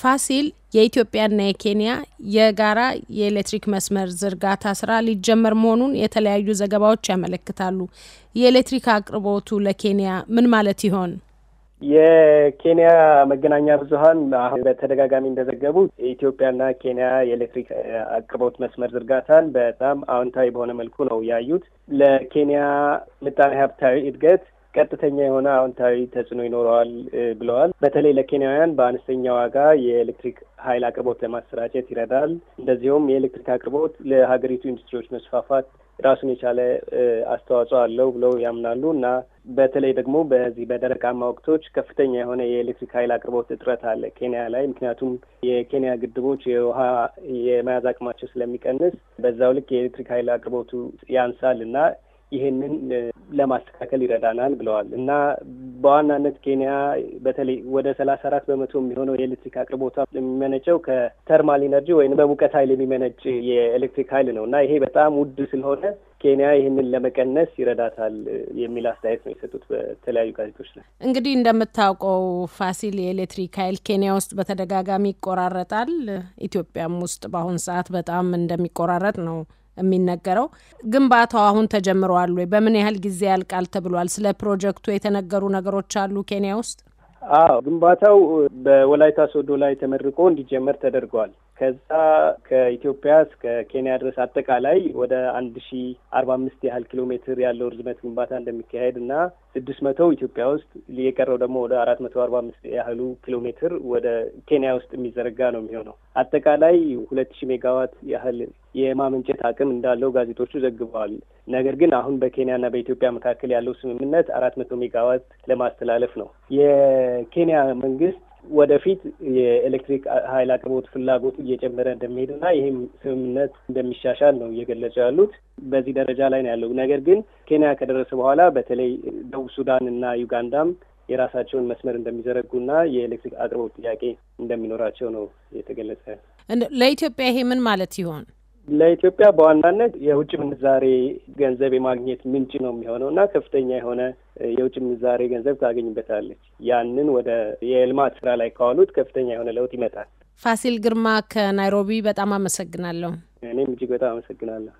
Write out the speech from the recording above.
ፋሲል የኢትዮጵያና የኬንያ የጋራ የኤሌክትሪክ መስመር ዝርጋታ ስራ ሊጀመር መሆኑን የተለያዩ ዘገባዎች ያመለክታሉ። የኤሌክትሪክ አቅርቦቱ ለኬንያ ምን ማለት ይሆን? የኬንያ መገናኛ ብዙኃን አሁን በተደጋጋሚ እንደዘገቡት የኢትዮጵያና ኬንያ የኤሌክትሪክ አቅርቦት መስመር ዝርጋታን በጣም አዎንታዊ በሆነ መልኩ ነው ያዩት። ለኬንያ ምጣኔ ሀብታዊ እድገት ቀጥተኛ የሆነ አዎንታዊ ተጽዕኖ ይኖረዋል ብለዋል። በተለይ ለኬንያውያን በአነስተኛ ዋጋ የኤሌክትሪክ ኃይል አቅርቦት ለማሰራጨት ይረዳል። እንደዚሁም የኤሌክትሪክ አቅርቦት ለሀገሪቱ ኢንዱስትሪዎች መስፋፋት ራሱን የቻለ አስተዋጽኦ አለው ብለው ያምናሉ እና በተለይ ደግሞ በዚህ በደረቃማ ወቅቶች ከፍተኛ የሆነ የኤሌክትሪክ ኃይል አቅርቦት እጥረት አለ ኬንያ ላይ። ምክንያቱም የኬንያ ግድቦች የውሃ የመያዝ አቅማቸው ስለሚቀንስ በዛው ልክ የኤሌክትሪክ ኃይል አቅርቦቱ ያንሳል እና ይሄንን ለማስተካከል ይረዳናል ብለዋል እና በዋናነት ኬንያ በተለይ ወደ ሰላሳ አራት በመቶ የሚሆነው የኤሌክትሪክ አቅርቦቷ የሚመነጨው ከተርማል ኢነርጂ ወይም በሙቀት ኃይል የሚመነጭ የኤሌክትሪክ ኃይል ነው እና ይሄ በጣም ውድ ስለሆነ ኬንያ ይህንን ለመቀነስ ይረዳታል የሚል አስተያየት ነው የሰጡት በተለያዩ ጋዜጦች ላይ። እንግዲህ እንደምታውቀው ፋሲል የኤሌክትሪክ ኃይል ኬንያ ውስጥ በተደጋጋሚ ይቆራረጣል። ኢትዮጵያም ውስጥ በአሁን ሰዓት በጣም እንደሚቆራረጥ ነው የሚነገረው። ግንባታው አሁን ተጀምረዋል ወይ? በምን ያህል ጊዜ ያልቃል ተብሏል? ስለ ፕሮጀክቱ የተነገሩ ነገሮች አሉ ኬንያ ውስጥ? አዎ ግንባታው በወላይታ ሶዶ ላይ ተመርቆ እንዲጀመር ተደርጓል። ከዛ ከኢትዮጵያ እስከ ኬንያ ድረስ አጠቃላይ ወደ አንድ ሺ አርባ አምስት ያህል ኪሎ ሜትር ያለው ርዝመት ግንባታ እንደሚካሄድ እና ስድስት መቶ ኢትዮጵያ ውስጥ የቀረው ደግሞ ወደ አራት መቶ አርባ አምስት ያህሉ ኪሎ ሜትር ወደ ኬንያ ውስጥ የሚዘረጋ ነው የሚሆነው። አጠቃላይ ሁለት ሺ ሜጋዋት ያህል የማመንጨት አቅም እንዳለው ጋዜጦቹ ዘግበዋል። ነገር ግን አሁን በኬንያና በኢትዮጵያ መካከል ያለው ስምምነት አራት መቶ ሜጋዋት ለማስተላለፍ ነው። የኬንያ መንግስት ወደፊት የኤሌክትሪክ ኃይል አቅርቦት ፍላጎቱ እየጨመረ እንደሚሄድና ይህም ስምምነት እንደሚሻሻል ነው እየገለጹ ያሉት። በዚህ ደረጃ ላይ ነው ያለው። ነገር ግን ኬንያ ከደረሰ በኋላ በተለይ ደቡብ ሱዳን እና ዩጋንዳም የራሳቸውን መስመር እንደሚዘረጉና የኤሌክትሪክ አቅርቦት ጥያቄ እንደሚኖራቸው ነው የተገለጸ። ለኢትዮጵያ ይሄ ምን ማለት ይሆን? ለኢትዮጵያ በዋናነት የውጭ ምንዛሬ ገንዘብ የማግኘት ምንጭ ነው የሚሆነው እና ከፍተኛ የሆነ የውጭ ምንዛሬ ገንዘብ ታገኝበታለች። ያንን ወደ የልማት ስራ ላይ ከዋሉት ከፍተኛ የሆነ ለውጥ ይመጣል። ፋሲል ግርማ ከናይሮቢ በጣም አመሰግናለሁ። እኔም እጅግ በጣም አመሰግናለሁ።